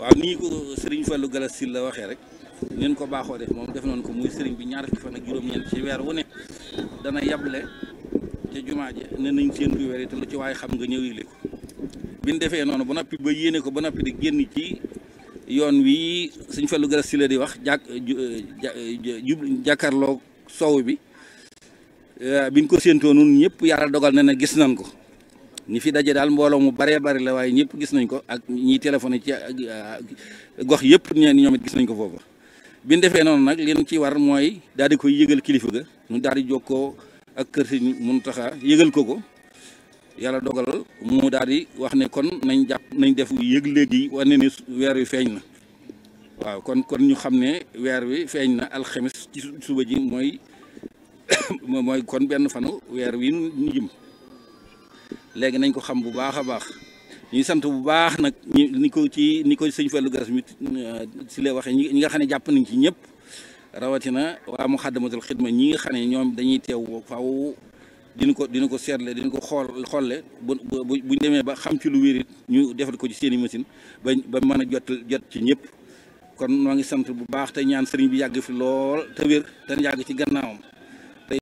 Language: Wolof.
waaw nii ko Serigne Fallou Gallas Syll la waxee rek neen ko baaxoo def moom def noonu ko muy sëriñ bi ñaar fukki fan ak juróom-ñeent ci weer wu ne dana yable ca jumaa ji ne nañ seen du weer te lu ci waaye xam nga ñëw yile ko bi ñu defee noonu ba noppi ba yéene ko ba noppi di génn ci yoon wi Serigne Fallou Gallas Syll la di wax jàkk eh, eh, jub jàkkaarloo soow bi eh, biñ ko séentoo nun ñëpp yàlla dogal na ne gis nañ ko ni fi daje daal mbooloo mu baree bari la waaye ñëpp gis nañ ko ak ñiy téléphoné ci ah, ah, gox yëpp ñeen ñoom it gis nañ ko foofa bi ñu defee noonu nag leen ci war mooy daal di koy yëgal kilifa ga ñu daal di jokkoo ak kër si Muntaxa yëgal ko ko yàlla dogal mu daal wax ne kon nañ jàpp nañ def yëg léegi wane ne weer wi feeñ na waaw kon kon ñu xam ne weer wi feeñ na alxemes ci suba ji mooy mooy kon benn fanu weer wi ñu jëm léegi nañ ko xam bu baax a baax ñuy sant bu baax nag ni ko ci ni ko sëñ Fallou Gass si lay waxee ñi nga xam ne jàpp nañ ci ñëpp rawatina waa mu xaddamatul xidma ñi nga xam ne ñoom dañuy teew faw dina ko dina ko seetle dina ko xool xolle bu bu buñ demee ba xam ci lu wérit ñu defal ko ci seen i machine ba ba mën a jot jot ci ñëpp kon noo ngi sant bu baax te ñaan sëriñ bi yàgg fi lool te wér te yàgg ci gannaawam